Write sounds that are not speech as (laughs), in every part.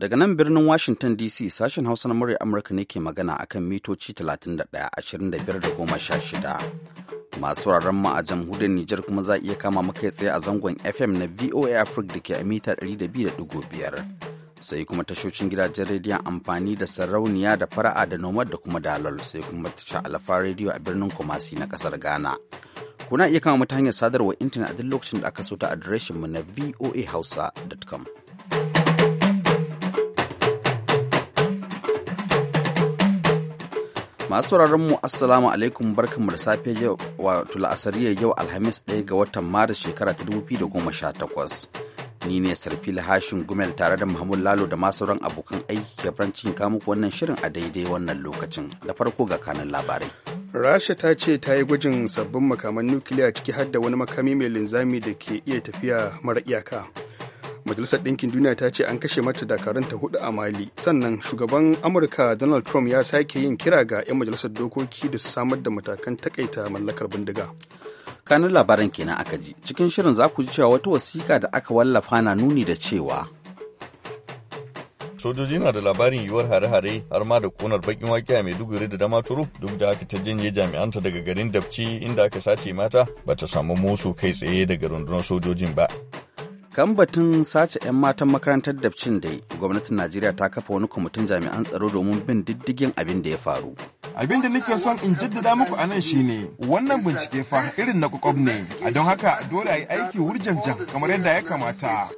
Daga nan birnin Washington DC sashen Hausa na murya Amurka ne ke magana akan mitoci 31-25-16. Masu wuraren mu a jamhuriyar Nijar kuma za iya kama maka tsaye a zangon FM na VOA Africa da ke a mita 200.5. Sai kuma tashocin gidajen rediyon amfani da sarauniya da fara'a da nomad da kuma dalol sai kuma tasha alfa rediyo a birnin Kumasi na kasar Ghana. Kuna iya kama mata hanyar sadarwar intanet a duk lokacin da aka so ta mu na voahausa.com. Masu sauraron mu Assalamu alaikum barkanmu da safe yau wato la'asariyar yau Alhamis ɗaya ga watan Maris shekara ta dubu biyu da goma sha takwas Ni ne Sarfi lahashin Gumel tare da Muhammad Lalo da masu sauran abokan aiki ke farancin kamu wannan shirin a daidai wannan lokacin. Da farko ga kanan labarai. Rasha ta ce ta yi gwajin sabbin makaman nukiliya ciki har da wani makami mai linzami da ke iya tafiya mara iyaka. majalisar ɗinkin duniya ta ce an kashe mata dakarunta hudu a mali sannan shugaban amurka donald trump ya sake yin kira ga 'yan majalisar dokoki da su samar da matakan takaita mallakar bindiga kanar labaran kenan aka ji cikin shirin za ku ji cewa wata wasiƙa da aka wallafa na nuni da cewa sojoji na da labarin yiwuwar hare-hare har ma da konar bakin waƙi a maiduguri da dama turu duk da aka ta janye jami'anta daga garin dabci inda aka sace mata ba ta samu musu kai tsaye daga rundunar sojojin ba kan batun sace 'yan matan makarantar dabcin dai gwamnatin najeriya ta kafa wani kwamitin jami'an tsaro domin bin diddigin abin da ya faru abin da nake son in jaddada muku a nan shine wannan bincike fa irin na kwakwab ne a don haka dole a yi aiki wurjanjan kamar yadda ya kamata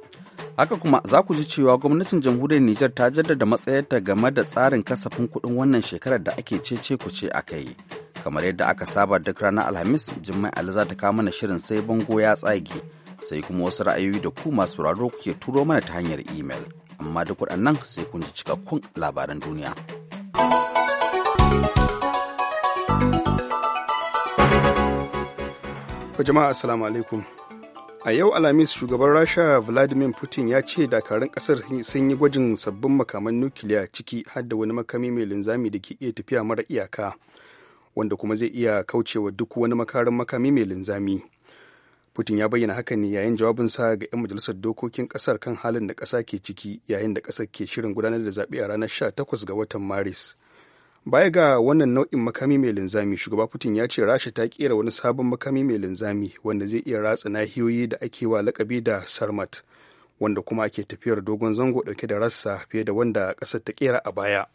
haka kuma za ku ji cewa gwamnatin jamhuriyar Nijar ta jaddada matsayarta game da tsarin kasafin kuɗin wannan shekarar da ake cece ce a kai. Kamar yadda aka saba duk ranar Alhamis, jima'i Ali za ta kawo mana shirin sai bango ya tsage. sai kuma wasu ra'ayoyi da ku masu sauraro kuke turo mana ta hanyar imel amma duk waɗannan sai kun ji cikakkun labaran duniya. jama'a assalamu alaikum a yau alhamis shugaban rasha vladimir putin ya ce dakarun kasar sun yi gwajin sabbin makaman nukiliya ciki har da wani makami mai linzami da ke iya tafiya mara iyaka wanda kuma zai iya kaucewa duk wani makarin makami mai linzami putin ya bayyana hakan ne yayin jawabinsa ga 'yan majalisar dokokin kasar kan halin da kasa ke ciki yayin da kasar ke shirin gudanar da zaɓe a ranar 18 ga watan maris baya ga wannan nau'in makami mai linzami shugaba putin ya ce rasha ta kera wani sabon makami mai linzami wanda zai iya ratsa nahiyoyi da ake wa lakabi da sarmat wanda kuma ake tafiyar dogon zango dauke da rassa fiye da wanda kasar ta kera a baya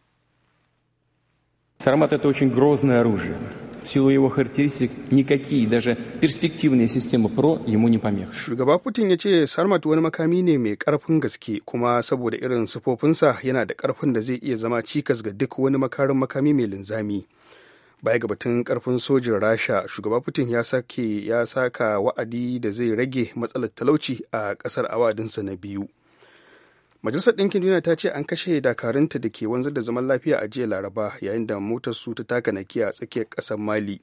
Сармат – это очень грозное оружие. ne силу его характеристик никакие, даже перспективные системы ПРО ему не Shugaba Путин ya ce Sarmat wani makami ne mai karfin gaske kuma saboda irin sifofinsa yana da karfin da zai iya zama cikas ga duk wani makarin makami mai linzami. Baya ga batun karfin sojin Rasha, shugaba Putin ya saka wa'adi da zai rage matsalar talauci a kasar awadinsa na biyu. majalisar ɗinkin duniya ta ce an kashe dakarunta da ke wanzar da zaman lafiya a jiya laraba yayin da motar su ta taka nakiya a tsakiyar ƙasar mali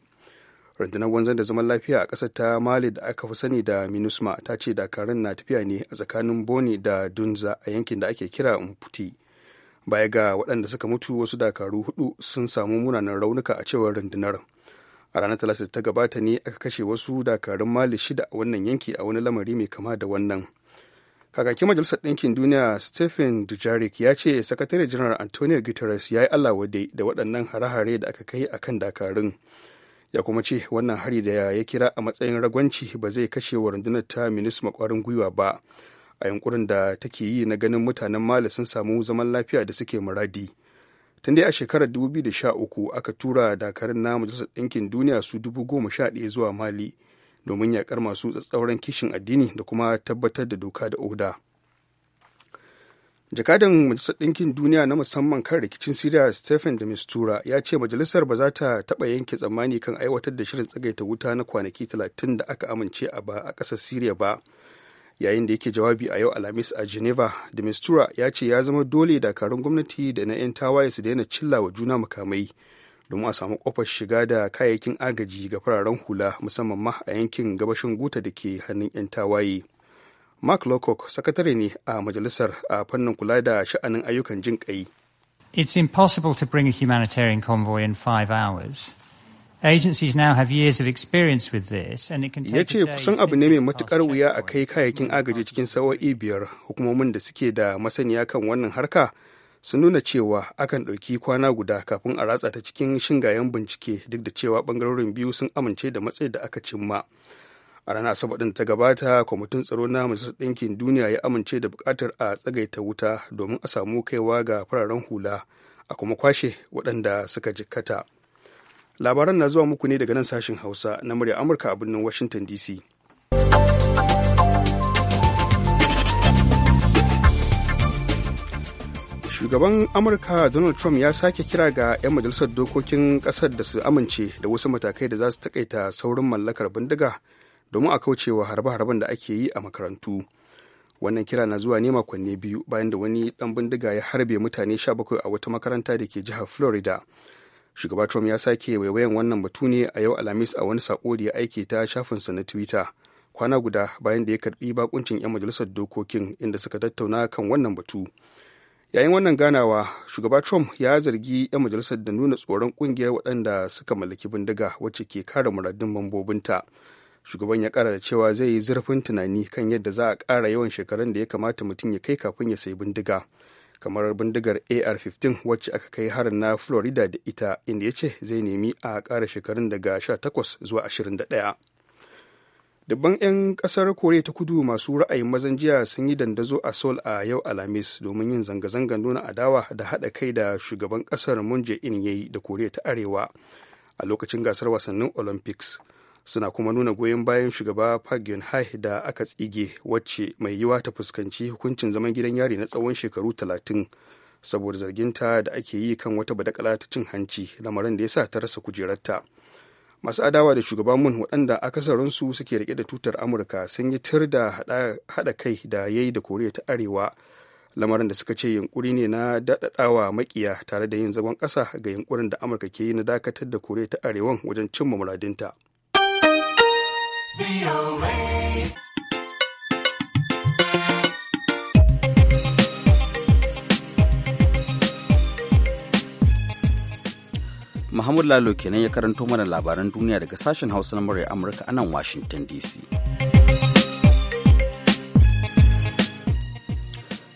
rundunar wanzar da zaman lafiya a ƙasar ta mali da aka fi sani da minusma ta ce dakarun na tafiya ne a tsakanin boni da dunza a yankin da ake kira mputi baya ga waɗanda suka mutu wasu dakaru hudu sun samu munanan raunuka a cewar rundunar a ranar talata ta gabata ne aka kashe wasu dakarun mali shida a wannan yanki a wani lamari mai kama da wannan kakakin majalisar ɗinkin duniya stephen dujarric ya ce sakatare janar antonio guterres ya yi alawade da waɗannan hare-hare da aka kai a kan dakarun ya kuma ce wannan hari da ya kira a matsayin ragwanci ba zai kashe wa rundunar ta minisma ƙwarin gwiwa ba a yankurin da take yi na ganin mutanen mali sun samu zaman lafiya da suke muradi tun dai a shekarar 2013 aka tura dakarun na majalisar ɗinkin duniya su 11,000 zuwa mali domin yakar masu tsatsauran kishin addini da kuma tabbatar da doka da oda jakadan majalisar ɗinkin duniya na musamman kan rikicin siriya stephen de mistura ya ce majalisar ba za ta taɓa yanke tsammani kan aiwatar da shirin tsagaita wuta na kwanaki 30 da aka amince a ba a ƙasar siriya ba yayin da yake jawabi a yau alhamis a geneva de mistura ya ce ya zama dole dakarun gwamnati da na 'yan tawaye su daina cilla wa juna makamai domin a samu kofar shiga da kayayyakin agaji ga fararen hula musamman ma a yankin gabashin guta da ke hannun 'yan tawaye mark lowcock sakatare ne a majalisar a fannin kula da sha'anin ayyukan jin kai it's impossible to bring a humanitarian convoy in five hours ya now kusan abu ne mai matukar wuya a kai kayayyakin agaji cikin sawa'i biyar hukumomin da suke da masaniya kan wannan harka sun nuna cewa akan ɗauki kwana guda kafin a ratsa ta cikin shingayen bincike duk da cewa ɓangarorin biyu sun amince da matsayi da aka cimma a ranar asabar ɗin ta gabata kwamitin tsaro na majalisar ɗinkin duniya ya amince da buƙatar a tsagaita wuta domin a samu kaiwa ga fararen hula a kuma kwashe waɗanda suka jikkata labaran na zuwa muku ne daga nan sashen hausa na murya amurka a birnin washington dc shugaban amurka donald trump ya sake kira ga 'yan majalisar dokokin kasar da su amince da wasu matakai da za su takaita saurin mallakar bindiga domin a kaucewa harbe-harben da ake yi a makarantu wannan kira na zuwa ne makonni biyu bayan da wani dan bindiga ya harbe mutane 17 a wata makaranta da ke jihar florida shugaba trump ya sake waiwayan wannan batu ne a yau alhamis a wani sako da ya aike ta shafinsa na twitter kwana guda bayan da ya karbi bakuncin 'yan majalisar dokokin inda suka tattauna kan wannan batu yayin wannan ganawa shugaba trump ya zargi 'yan majalisar da nuna tsoron kungiyar waɗanda suka mallaki bindiga wacce ke kare muradun mambobinta shugaban ya kara da cewa zai yi zurfin tunani kan yadda za a kara yawan shekarun da ya kamata mutum ya kai kafin ya sayi bindiga kamar bindigar ar-15 wacce aka kai harin na florida da ita inda ya ce zai nemi a kara shekarun daga 18 zuwa 21 dubban 'yan kasar koriya ta kudu masu ra'ayin mazan jiya sun yi dandazo a seoul a yau alhamis domin yin zanga-zangar nuna adawa da haɗa kai da shugaban kasar moon jae-in yayi da koriya ta arewa a lokacin gasar wasannin olympics suna kuma nuna goyon bayan shugaba park geun da aka tsige wacce mai yiwa ta fuskanci hukuncin zaman gidan yari na tsawon shekaru talatin saboda zarginta da ake yi kan wata badakala ta cin hanci lamarin da ya sa ta rasa kujerarta masu adawa da shugaban mun waɗanda akasarinsu suke rike da tutar amurka sun yi tir da haɗa kai da ya da koriya ta arewa lamarin da suka ce yunkuri ne na daɗaɗawa makiya tare da yin zagon ƙasa ga yunkurin da amurka ke yi na dakatar da koriya ta arewan wajen cimma muradinta. Muhammadu Lalo kenan ya karanto mana labaran duniya daga sashen Hausa na murya Amurka a nan Washington DC.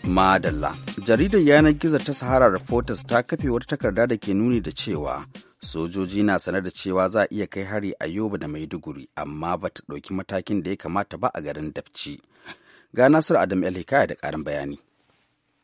Madalla, jaridar yanar gizo ta Sahara Reporters ta kafe wata takarda da ke nuni da cewa sojoji na sanar da cewa za a iya kai hari a yobe da Maiduguri, amma ba ta ɗauki matakin da ya kamata ba a garin Dabci. Ga Nasiru Adam El Hikaya da ƙarin bayani.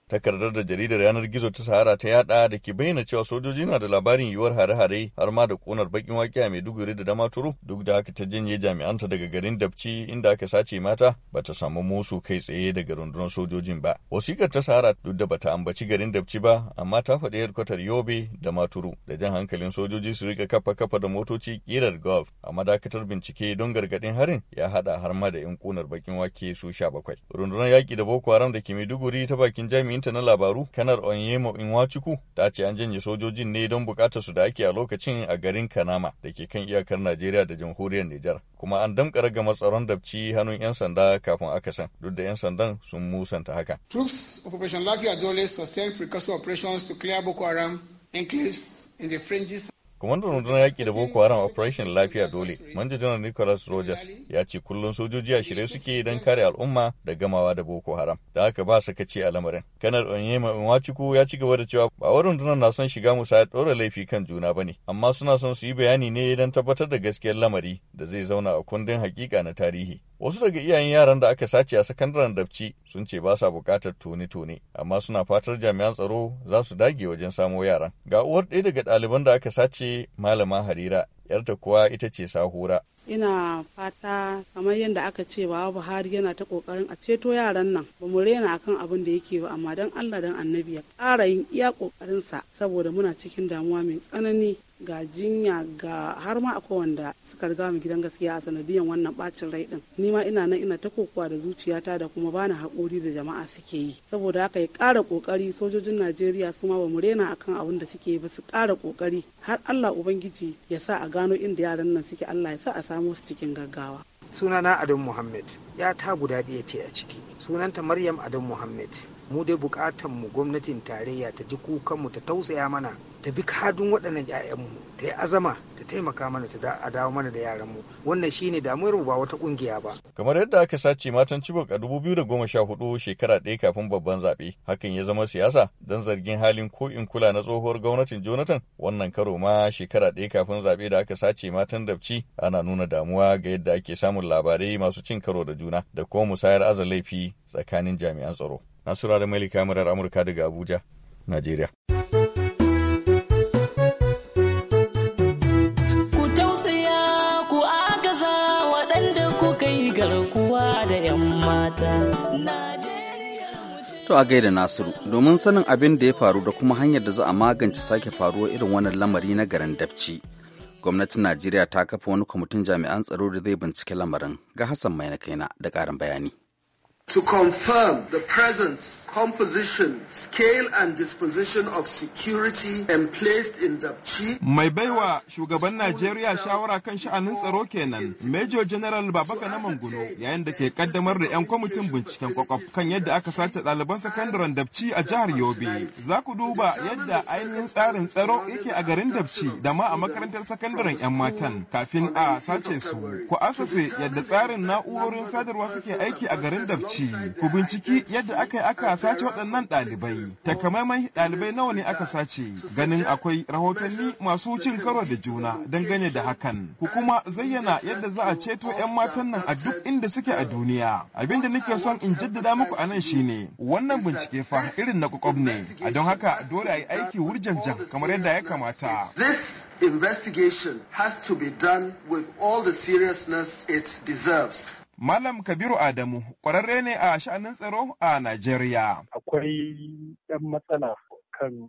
takardar da jaridar yanar gizo ta sahara ta yada da ke bayyana cewa sojoji na da labarin yiwuwar hare-hare har ma da konar bakin wake a maiduguri da damaturu duk da haka ta janye jami'anta daga garin dabci inda aka sace mata ba ta samu musu kai tsaye daga rundunar sojojin ba wasikar ta sahara duk da bata ambaci garin dabci ba amma ta faɗi yarkwatar yobe da maturu da jan hankalin sojoji su rika kafa kafa da motoci kirar golf a madakatar bincike don gargaɗin harin ya haɗa har ma da yan konar bakin wake su sha bakwai rundunar yaƙi da boko haram da ke maiduguri ta bakin jami'in jami'inta na labaru kanar onyemo inwachuku ta ce an janye sojojin ne don bukatar su da ake a lokacin a garin kanama da ke kan iyakar najeriya da jamhuriyar nijar kuma an damƙa raga matsaron dabci hannun 'yan sanda kafin akasan duk da 'yan sandan sun musanta haka. troops of operation lafiya dole sustain precursor operations to clear boko haram enclaves in the fringes Kwamandan rundunar yaƙi da Boko Haram Operation Lafiya Dole, Manja Janar Nicholas Rogers ya ce kullum sojoji a shirye suke don kare al'umma da gamawa da Boko Haram, da haka ba sakaci a lamarin. Kanar Onyema Nwachukwu ya ci gaba da cewa ba wa rundunar na son shiga musayar ɗora laifi kan juna ba ne, amma suna son su yi bayani ne don tabbatar da gaskiyar lamari da zai zauna a kundin hakika na tarihi. Wasu daga iyayen yaran da aka sace a sakandaren dabci sun ce ba sa bukatar tone-tone, amma suna fatar jami'an tsaro za su dage wajen samo yaran. Ga uwar ɗaya daga ɗaliban da aka sace malama Harira, yarta kuwa ita ce sahura. Ina fata kamar yadda aka ce ba Buhari yana ta kokarin a ceto yaran nan ba mu rena akan abin da yake ba amma don Allah dan Annabi ya ƙara yin iya kokarinsa saboda muna cikin damuwa mai tsanani ga jinya ga har ma akwai wanda suka riga mu gidan gaskiya a sanadiyan wannan bacin rai din ni ma ina nan ina ta kokowa da zuciyata da kuma bani haƙuri da jama'a suke yi saboda haka ya ƙara ƙoƙari sojojin Najeriya su ma ba mu rena akan abin da suke ba su ƙara ƙoƙari har Allah ubangiji ya sa a gano inda yaran nan suke Allah ya sa a samu su cikin gaggawa sunana Adam Muhammad ya ta guda ɗaya ce a ciki sunanta Maryam Adam Muhammad mu dai buƙatan mu gwamnatin tarayya ta ji kukan mu ta tausaya mana ta bi kadun waɗannan 'ya'yanmu ta yi azama ta taimaka mana ta a dawo mana da yaranmu wannan shine damuwar ba wata kungiya ba kamar yadda aka sace matan cibok a 2014 shekara ɗaya kafin babban zaɓe hakan ya zama siyasa don zargin halin ko in kula na tsohuwar gwamnatin jonathan wannan karo ma shekara ɗaya kafin zaɓe da aka sace matan dabci ana nuna damuwa ga yadda ake samun labarai masu cin karo da juna da kuma musayar aza laifi tsakanin jami'an tsaro nasura da mai murar amurka daga abuja najeriya To a gaida Nasiru, domin sanin abin da ya faru da kuma hanyar da za a magance sake faruwa irin wannan lamari na garin dabci. Gwamnatin Najeriya ta kafa wani kwamitin jami'an tsaro da zai bincike lamarin ga Hassan Mai na kaina da ƙarin bayani. to confirm the presence, composition, scale and disposition of security emplaced in Dapchi. Mai baiwa shugaban Najeriya shawara kan sha'anin tsaro kenan, Major General Babaka na Manguno yayin da ke kaddamar da 'yan kwamitin binciken kwakwaf kan yadda aka sace ɗaliban sakandaren Dabci a jihar Yobe. Za ku duba yadda ainihin tsarin tsaro yake a garin dabci da ma a makarantar sakandaren 'yan matan kafin a sace su. Ku asase yadda tsarin na'urorin sadarwa suke aiki a garin dabci? ku binciki yadda aka yi aka sace waɗannan ɗalibai Takamaiman ɗalibai nawa ne aka sace ganin akwai rahotanni masu cin karo da juna dangane da hakan ku kuma zayyana yadda za a ceto 'yan matan nan a duk inda suke a duniya abin da nake son in jaddada muku a nan shine wannan bincike fa irin na kwakwab ne a don haka dole a yi aiki wurjanjan kamar yadda ya kamata investigation has to be done with all the seriousness it deserves. Malam Kabiru Adamu ƙwararre ne a sha'anin tsaro a Najeriya. Akwai ɗan matsala kan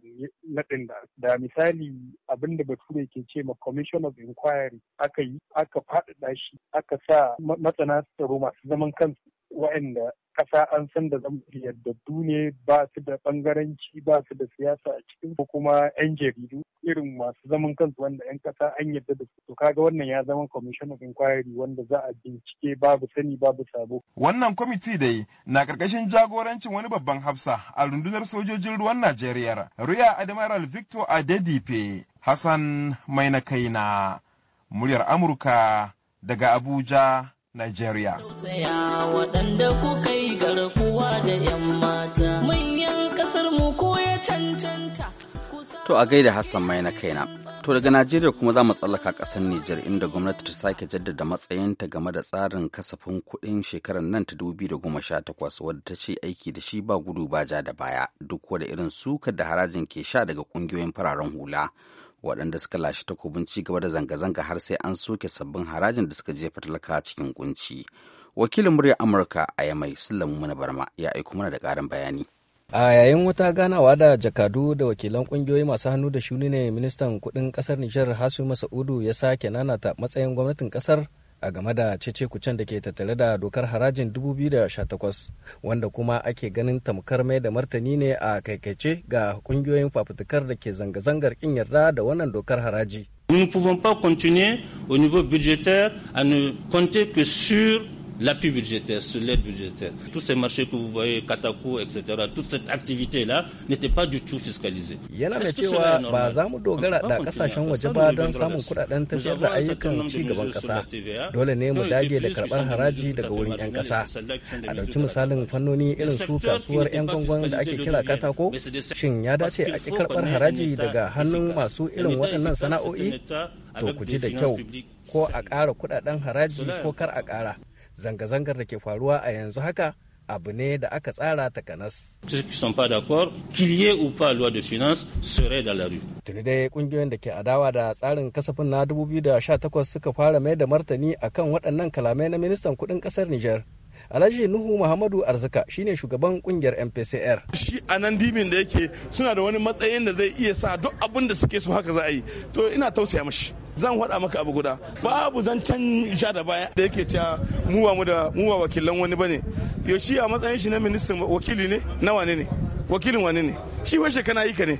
naɗin da da misali abin da bature ke ce ma commission of inquiry aka yi aka faɗaɗa shi aka sa matsana tsaro masu zaman kansu waɗanda kasa an san da zama yaddadu ne ba su da bangaranci ba su da siyasa a cikin ko kuma 'yan jaridu irin masu zaman kansu wanda 'yan ƙasa an yadda da su. Ka kaga wannan ya zama commission of inquiry wanda za a bincike babu sani babu sabo. Wannan kwamiti dai na ƙarƙashin jagorancin wani babban hafsa a rundunar sojojin ruwan Najeriya. Riya Admiral Victor Adedipe Hassan Mai na kaina. Muryar Amurka daga Abuja, Najeriya. garkuwa da kasar mu ya cancanta. To a gaida Hassan mai na kaina. To daga Najeriya kuma za mu tsallaka ƙasar Nijar inda gwamnati ta sake jaddada matsayinta game da tsarin kasafin kuɗin shekarar nan ta 2018 wadda ta ce aiki da shi ba gudu ba ja da baya duk wada irin sukar da harajin ke sha daga ƙungiyoyin fararen hula. waɗanda suka lashe takobin ci gaba da zanga-zanga har sai an soke sabbin harajin da suka jefa talaka cikin kunci wakilin murya amurka a yamai sulamu mana barma ya aiko mana da ƙarin bayani a yayin wata ganawa da jakadu da wakilan kungiyoyi masu hannu da shuni ne ministan kudin kasar nijar hasu masa'udu ya sake nanata matsayin gwamnatin kasar a game da cece kucen da ke tattare da dokar harajin 2018 wanda kuma ake ganin tamkar mai da martani ne a kaikaice ga kungiyoyin fafutukar da ke zanga-zangar kin yarda da wannan dokar haraji. Nous ne pouvons pas continuer au niveau budgétaire à ne compter que sur l'appui budgétaire, sur l'aide budgétaire. Tous ces marchés que vous voyez, Katako, etc., toute cette activité-là n'était pas du tout fiscalisée. Yana da cewa ba za mu dogara da kasashen waje ba don samun kudaden tafiyar da ayyukan ci gaban ƙasa Dole ne mu dage da karbar haraji daga wurin 'yan kasa. A ɗauki misalin fannoni irin su kasuwar 'yan gwangwan da ake kira katako, shin ya dace a ƙi karbar haraji daga hannun masu irin waɗannan sana'o'i? To ku ji da kyau ko a ƙara kuɗaɗen haraji ko kar a ƙara. zanga-zangar da ke faruwa a yanzu haka abu ne da aka tsara ta kanas. Tuni dai kungiyoyin da ke adawa da tsarin kasafin na 2018 suka fara mai da martani akan waɗannan kalamai na ministan kuɗin ƙasar Nijar. Alhaji Nuhu Muhammadu Arzika shine shugaban kungiyar MPCR. Shi a nan dimin da yake suna da wani matsayin da zai iya sa duk abin da suke so haka za a yi. To ina tausaya mashi. Zan faɗa maka abu guda. Babu zancen sha da baya da yake cewa mu ba mu da mu ba wakilan wani bane. Yaushe a matsayin shi na ministan wakili ne na wane ne? Wakilin wane ne? Shi wace kana yi ka ne?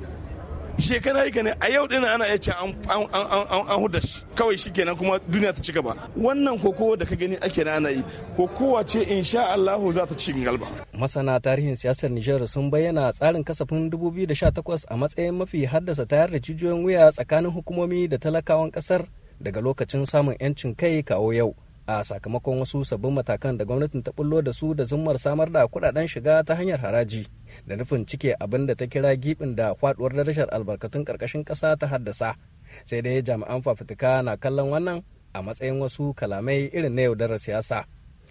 shekara yi ne a yau dina ana iya ce an huda shi kawai shi kenan kuma duniya ta ci gaba wannan kokowa da ka gani ake na ana yi kokowa ce insha Allah za ta ci galba masana tarihin siyasar Nijar sun bayyana tsarin kasafin 2018 a matsayin mafi haddasa tayar da jijiyoyin wuya tsakanin hukumomi da talakawan kasar daga lokacin samun 'yancin kai kawo yau a sakamakon wasu sabbin matakan da gwamnatin ta bullo da su da zummar samar da kudaden shiga ta hanyar haraji da nufin cike abin da ta kira gibin da faduwar darashar albarkatun karkashin kasa ta haddasa sai dai jami'an fafutuka na kallon wannan a matsayin wasu kalamai irin na yaudarar siyasa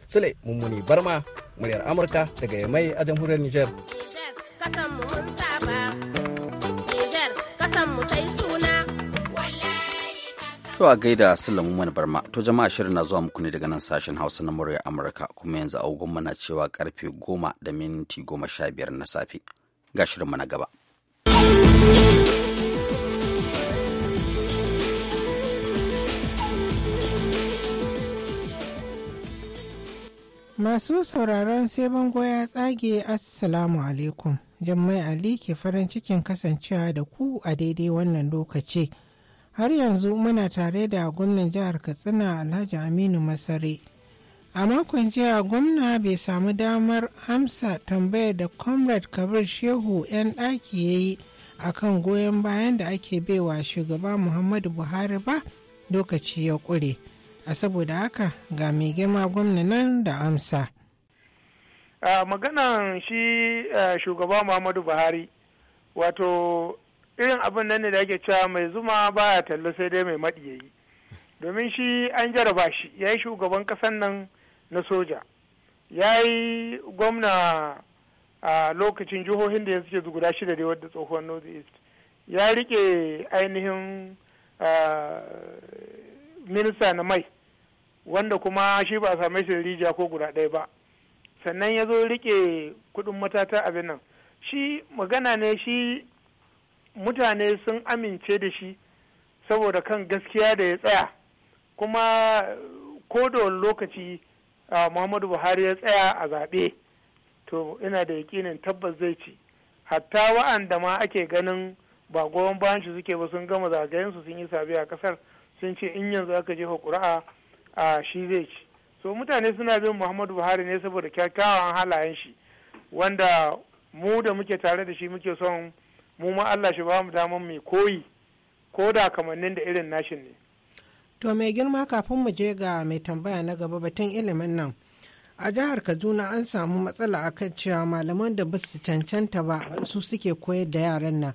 sule mummuni barma muryar amurka daga yamai a jamhuriyar niger To a gaida Sulamu Mani Barma, to jama'a shirin na zuwa muku ne daga nan sashen Hausa na murya Amurka kuma yanzu agogon mana cewa karfe goma da minti goma sha biyar na safe. Ga shirin mana gaba. Masu sauraron sai bango ya tsage Assalamu alaikum. Jummai Ali ke farin cikin kasancewa da ku a daidai wannan lokaci. har yanzu muna tare da gwamnan jihar katsina alhaji aminu masare a makon jiya gwamna bai samu damar amsa tambayar da comrade kabir shehu 'yan ɗaki ya yi a kan goyon bayan da ake baiwa shugaba muhammadu buhari ba lokaci ya ƙure a saboda haka ga mai girma gwamna nan da amsa A maganan shi eh, shugaba muhammadu buhari wato irin abin nan ne da ake cewa mai zuma baya talla sai dai mai maɗi yayi domin shi an jaraba shi ya yi shugaban ƙasan nan na soja ya yi gwamna a lokacin jihohin da ya suke guda shida dai wadda tsohuwar north east ya rike ainihin minista na mai wanda kuma shi ba a same shi rijiya ko guda ɗaya ba sannan ya zo rike kudin matata abin nan shi magana ne shi mutane sun amince da shi saboda kan gaskiya da ya tsaya kuma uh, ko da wani lokaci uh, muhammadu buhari ya tsaya a zaɓe to ina da yakinin tabbas zai ci hatta wa'anda ma ake ganin ba goyon bayan shi suke ba sun gama zagayensu sun yi sabi a kasar sun ce in yanzu aka je ƙuri'a a uh, shi zai ci so mutane suna bin muhammadu buhari ne saboda kyakkyawan halayen shi wanda mu da muke tare da shi muke son mu ma Allah shi ba mu daman mai koyi ko da kamannin da irin nashin ne to mai girma kafin mu je ga mai tambaya na gaba batun ilimin nan a jihar kaduna an samu matsala a kan cewa malaman da ba su cancanta ba su suke koyar da yaran nan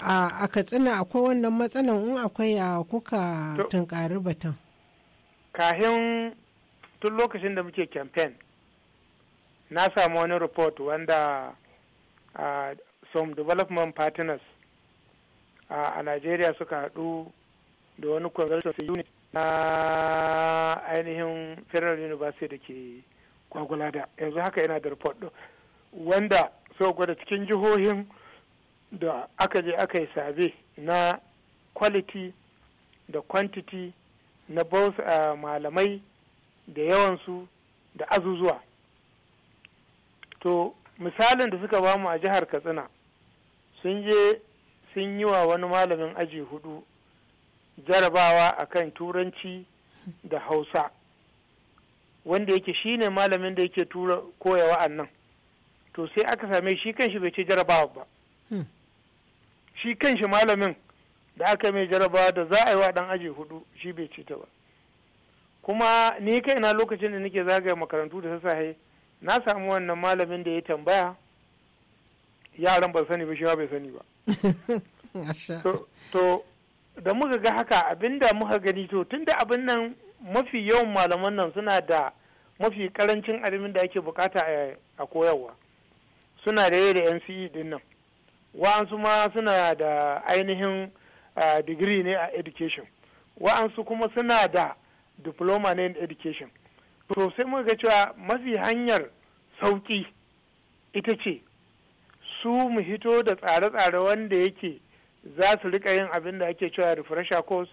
a katsina akwai wannan matsalan in akwai a kuka tunkari batun kahin tun lokacin da muke campaign na samu wani report wanda some development partners a nigeria suka haɗu da wani consultancy unit na ainihin Federal University da ke Kwagulada yanzu haka yana da report wanda so gwada cikin jihohin da aka je aka yi sabe na quality da quantity na both uh, malamai da yawansu da azuzuwa to misalin da suka bamu a jihar katsina sun je sun yi wa wani malamin aji hudu jarabawa a kan turanci da hausa wanda yake shi ne malamin da yake tura koya wa'annan to sai aka same shi kanshi bai ce jarabawa ba hmm. shi kanshi malamin da aka mai jarabawa da za a yi wa dan aji hudu shi bai ce ta ba kuma ni kai na lokacin da nake zagaya makarantu da sassahe na samu wannan malamin da ya tambaya yaran ba sani ba shi bai sani ba (laughs) to da muka ga haka abinda muka gani to tunda abin nan mafi yawan malaman nan suna da mafi karancin ilimin da ake bukata a koyarwa suna da yi da nce din nan wa'ansu ma suna da ainihin digiri ne a education wa'ansu kuma suna da diploma ne in education to sai muka ga cewa mafi hanyar sauki ita ce su mu hito da tsare-tsare wanda yake za su rika yin abin da ake cewa refresher course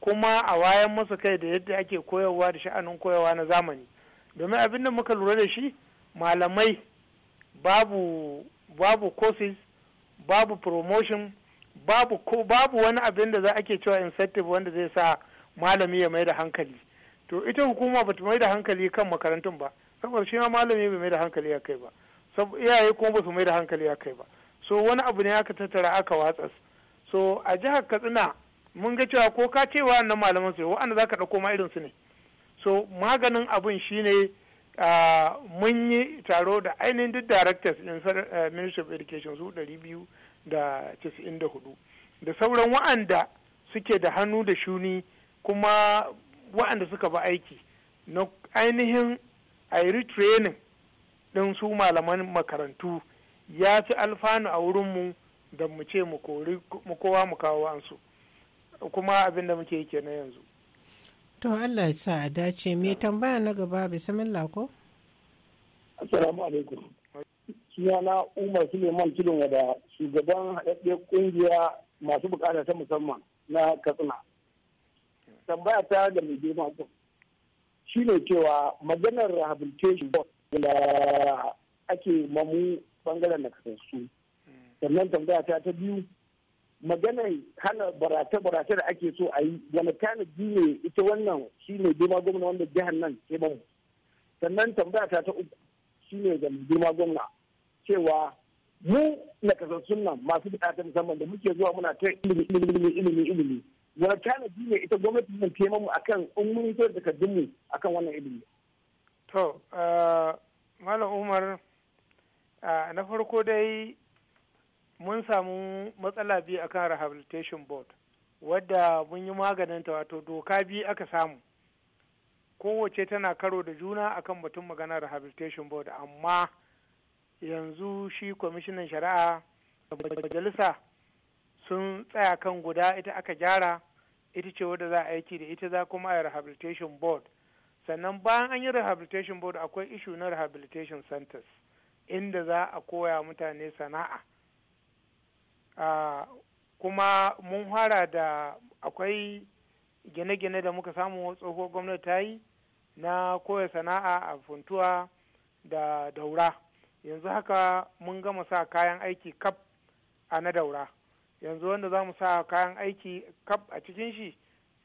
kuma a wayan masa kai da yadda ake koyarwa da sha'anin koyarwa na zamani domin abin da muka lura da shi malamai babu babu courses babu promotion babu ko babu wani abin da za ake cewa incentive wanda zai sa malami ya mai da hankali to ita hukuma ba bata mai da hankali kan makarantun ba saboda shi ma malami bai mai da hankali a kai ba iyaye ko ba su mai da hankali a kai ba so wani abu ne aka tattara aka watsa so a jihar katsina mun ga cewa ko ka ce wa wa'annan malaman su wa'anda za ka ɗauko ma irin su ne so maganin abin shine mun yi taro da ainihin duk directors in eh, ministry of education su ɗari biyu da casa'in da hudu da sauran wa'anda suke da hannu da shuni kuma wa'anda suka ba aiki na ainihin a training. ɗin su malaman makarantu ya fi alfanu a wurinmu da mu ce mu kowa mu kawo ansu kuma abin da muke yake na yanzu to Allah ya sa a dace me tambaya na gaba bismillah ko assalamu alaikum na Umar Suleiman Tudun wada shugaban haɗaɗɗiyar ƙungiya masu bukata ta musamman na Katsina tambaya ta da mai girma shi ne cewa maganar rehabilitation board da ake mamu bangaren na kasassu sannan tambaya ta ta biyu maganar hana barace-barace da ake so a yi wani tanadi ne ita wannan shine ne girma gwamna wanda jihar nan ke mamu sannan tambaya ta ta uku shine ne ga girma gwamna cewa mu na kasassun nan masu bukata musamman da muke zuwa muna ta ilimi ilimi ilimi wani tanadi ne ita gwamnati nan ke mamu akan in mun yi takardunmu akan wannan ilimi. to eh, Malam Umar na farko dai mun samu matsala biyu akan rehabilitation board wadda mun yi maganinta wato doka biyu aka samu kowace tana karo da juna akan batun magana rehabilitation board amma yanzu shi kwamishinan shari'a da majalisa sun tsaya kan guda ita aka gyara ita ce wadda za a aiki da ita za kuma a rehabilitation board sannan bayan an yi rehabilitation board akwai ishu na rehabilitation centers inda za a koya mutane sana'a ah, kuma mun fara da akwai gine-gine da muka samu tsohuwar gwamnati ta yi na koya sana'a a funtuwa da daura yanzu haka mun gama sa kayan aiki kaf a na daura yanzu wanda za mu sa kayan aiki kaf a cikin shi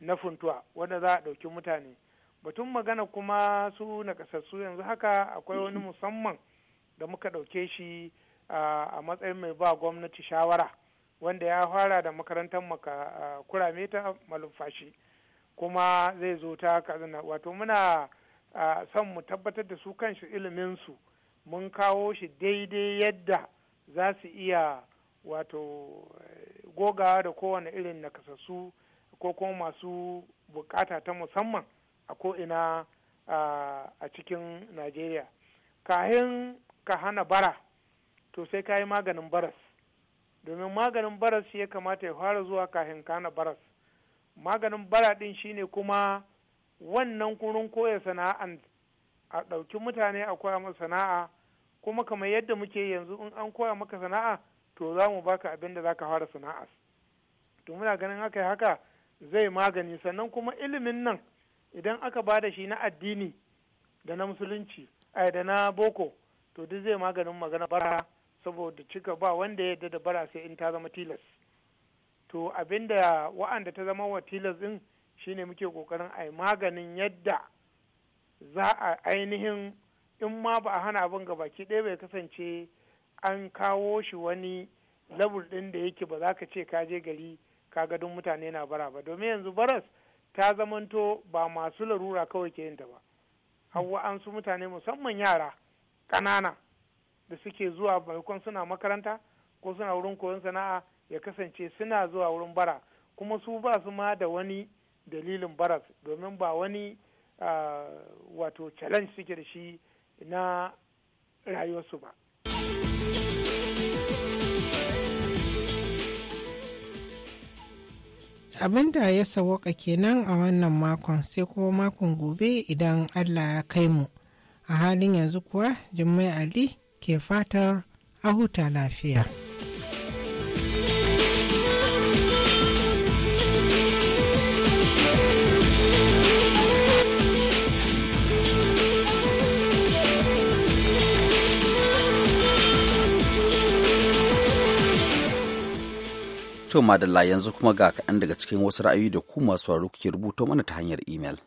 na funtuwa wanda za a ɗauki mutane batun magana kuma su nakasassu yanzu haka akwai wani musamman da muka ɗauke shi a matsayin mai ba gwamnati shawara wanda ya fara da makarantar maka kurame ta malumfashi kuma zai zo ta kazina wato muna son mu tabbatar da su kan shi iliminsu mun kawo shi daidai yadda za su iya wato gogawa da kowane irin nakasassu ko kuma masu bukata ta musamman a ko'ina a cikin najeriya kahin ka hana bara to sai ka yi maganin baras domin maganin baras shi ya kamata ya fara zuwa kahin ka hana baras maganin bara ɗin ne kuma wannan kurin koya sana'an a ɗauki mutane a koya masa sana'a kuma kamar yadda muke yanzu in an koya maka sana'a to za mu baka abin da za ka fara sana'a to muna ganin haka haka zai magani sannan kuma ilimin nan idan aka ba da shi na addini da na musulunci a eh, da na boko to duk zai maganin magana bara saboda cika ba wanda ya da bara sai in ta zama tilas to abinda wa'anda ta zama wa tilas din shine muke kokarin ai maganin yadda za a ainihin in ma ba a hana abin ga baki ɗaya bai kasance an kawo shi wani labur ɗin da yake ba za ka ce ka je gari ka gadon mutane na bara ba domin yanzu baras ta zamanto ba masu larura kawai ke yinta ba hawa an su mutane musamman yara ƙanana da suke zuwa maimakon suna makaranta ko suna wurin koyon sana'a ya kasance suna zuwa wurin bara kuma su ba su ma da wani dalilin baras domin ba wani ah, wato challenge suke da shi na rayuwarsu ba abinda ya sawaka kenan a wannan makon sai kuma makon gobe idan allah ya kai mu a halin yanzu kuwa jummai ali ke fatar a huta lafiya. To madalla yanzu kuma ga kaɗan daga cikin wasu ra'ayi da ku masu sauraro kuke rubuto mana ta hanyar imel.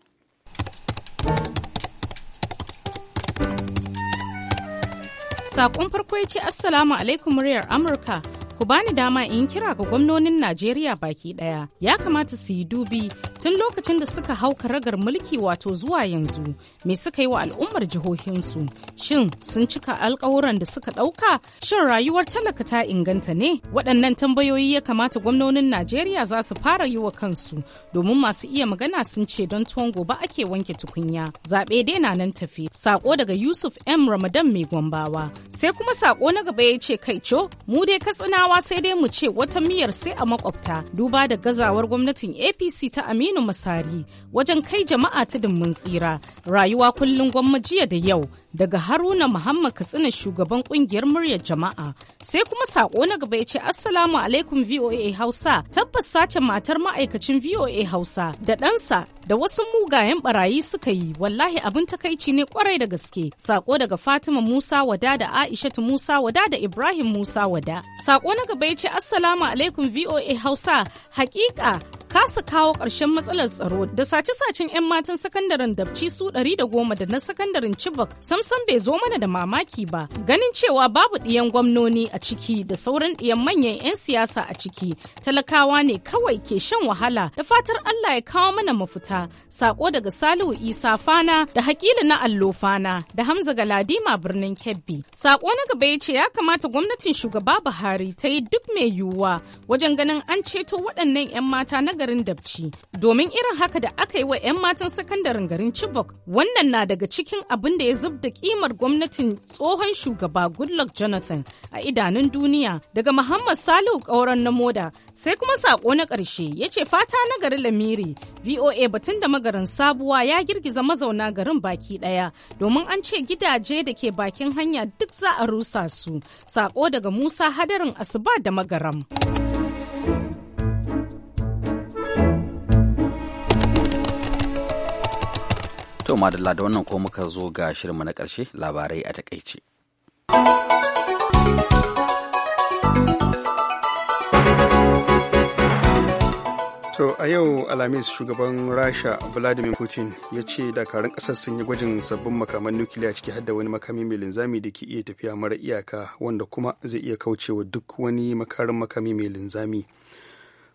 Saƙon farko ya ce Assalamu alaikum muryar Amurka. ku bani dama in kira ga gwamnonin Najeriya baki ɗaya. Ya kamata su yi dubi tun lokacin da suka hau karagar mulki wato zuwa yanzu me suka yi wa al'ummar jihohinsu shin sun cika alkawuran da suka ɗauka shin rayuwar talaka ta inganta ne waɗannan tambayoyi ya kamata gwamnonin najeriya za su fara yi wa kansu domin masu iya magana sun ce don tuwon gobe ake wanke tukunya zaɓe dai na nan tafi sako daga yusuf m ramadan mai gwambawa sai kuma sako na gaba ya ce kai co mu dai katsinawa talakawa sai dai mu ce wata miyar sai a makwabta duba da gazawar gwamnatin apc ta aminu masari wajen kai jama'a tudun mun tsira rayuwa kullum gwamma jiya da yau daga haruna muhammad katsina shugaban kungiyar muryar jama'a sai kuma Saƙo na gaba ya ce assalamu alaikum voa hausa tabbas sace matar ma'aikacin voa hausa da ɗansa da wasu mugayen barayi suka yi wallahi abin takaici ne kwarai da gaske sako daga fatima musa wada da aishatu musa wada da ibrahim musa wada Saƙo na gaba ya ce assalamu alaikum voa hausa hakika kasa kawo ƙarshen matsalar tsaro da sace-sacen 'yan matan sakandaren dabci su ɗari da goma da na sakandaren Chibok samsam bai zo mana da mamaki ba ganin cewa babu ɗiyan gwamnoni a ciki da sauran ɗiyan manyan 'yan siyasa a ciki talakawa ne kawai ke shan wahala da fatar Allah ya kawo mana mafita sako daga Salihu Isa Fana da Hakila na Allo Fana da Hamza Galadima birnin Kebbi sako na gaba ya ce ya kamata gwamnatin shugaba Buhari ta yi duk mai yiwuwa wajen ganin an ceto waɗannan 'yan mata na garin Dabci domin irin haka da aka yi wa 'yan matan sakandaren garin Chibok. Wannan na daga cikin abin da ya zub da kimar gwamnatin tsohon shugaba Goodluck Jonathan a idanun duniya daga Muhammad Salihu kauran na moda sai kuma sako na ƙarshe ya ce fata na garin Lamiri VOA batun da magarin sabuwa ya girgiza mazauna garin baki ɗaya domin an ce gidaje da ke bakin hanya duk za a rusa su. Sako daga Musa Hadarin Asuba da Magaram. To madalla da wannan ko muka zo ga shirinmu na ƙarshe labarai a takaice. To a yau Alhamis shugaban Rasha Vladimir Putin ya ce dakarun ƙasar sun yi gwajin sabbin makaman nukiliya ciki har da wani makami mai linzami da ke iya tafiya mara iyaka wanda kuma zai iya kaucewa duk wani makarin makami mai linzami.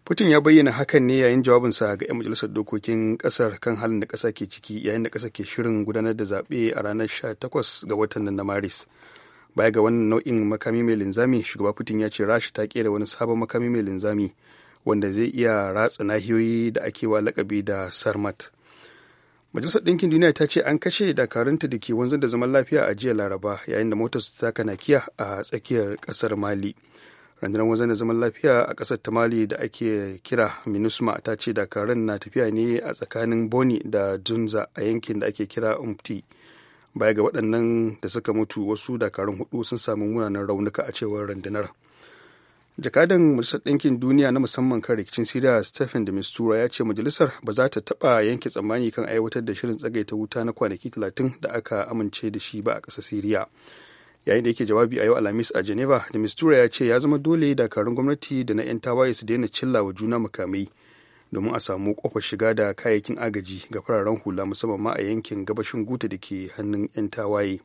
Putin ya bayyana hakan ne yayin jawabinsa ga 'yan majalisar dokokin kasar kan halin da kasa ke ciki yayin da kasa ke shirin gudanar da zaɓe a ranar 18 ga watan nan na Maris. Baya ga wannan nau'in makami mai linzami, shugaba Putin ya ce Rasha ta kera wani sabon makami mai linzami wanda zai iya ratsa nahiyoyi da ake wa lakabi da Sarmat. Majalisar Ɗinkin Duniya ta ce an kashe dakarunta da ke wanzar da zaman lafiya a jiya Laraba yayin da motar su ta kanakiya a tsakiyar ƙasar Mali. rundunar wanzan da zaman lafiya a kasar tamali da ake kira minusma ta ce dakarun na tafiya ne a tsakanin boni da dunza a yankin da ake kira umti baya ga waɗannan da suka mutu wasu dakarun hudu sun samu munanan raunuka a cewar rundunar jakadan majalisar ɗinkin duniya na musamman kan rikicin siriya stephen de mistura ya ce majalisar ba za ta taɓa yanke tsammani kan aiwatar da shirin tsagaita wuta na kwanaki talatin da aka amince da shi ba a ƙasar siriya yayin da yake jawabi a yau alhamis a geneva da mistura ya ce ya zama dole dakarun gwamnati da na 'yan tawaye su daina cilla wa juna makamai domin a samu kofar shiga da kayayyakin agaji ga fararen hula musamman ma a yankin gabashin guta da ke hannun 'yan tawaye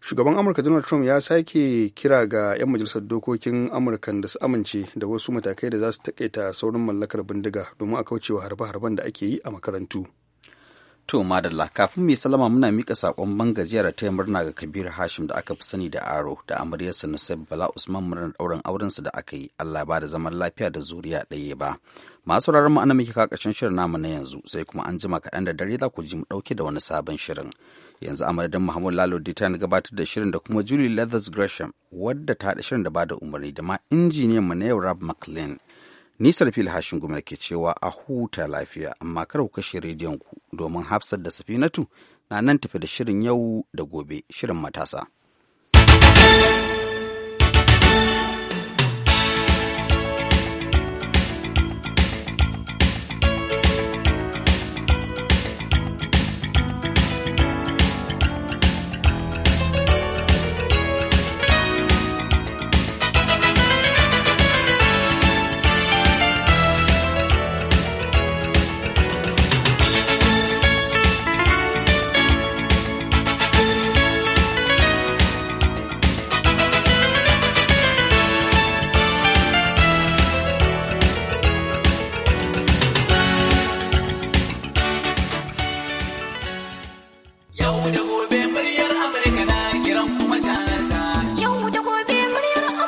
shugaban amurka donald trump ya sake kira ga 'yan majalisar dokokin amurkan da su amince da wasu matakai da za su taƙaita saurin mallakar bindiga domin a kaucewa harbe-harben da ake yi a makarantu To madalla kafin mai salama muna mika sakon bangajiyar ta murna ga Kabir Hashim da aka fi sani da Aro da amaryarsa Nusayb Bala Usman murnar ɗauren auren su da aka yi Allah ba da zaman lafiya da zuriya ɗaya ba. Masu sauraron mu ana miki kakashin shirin namu na yanzu sai kuma an jima kaɗan da dare za ku ji mu ɗauke da wani sabon shirin. Yanzu amaryar Muhammad Lalo na gabatar da shirin da kuma Julie Leathers Gresham wadda ta haɗa shirin da bada umarni da ma injiniyan mu na yau Rab McLean Nisar fil hashin gumar ke cewa a huta lafiya amma kar ku kashe rediyon ku domin hafsar da safinatu na nan tafi da shirin yau da gobe shirin matasa.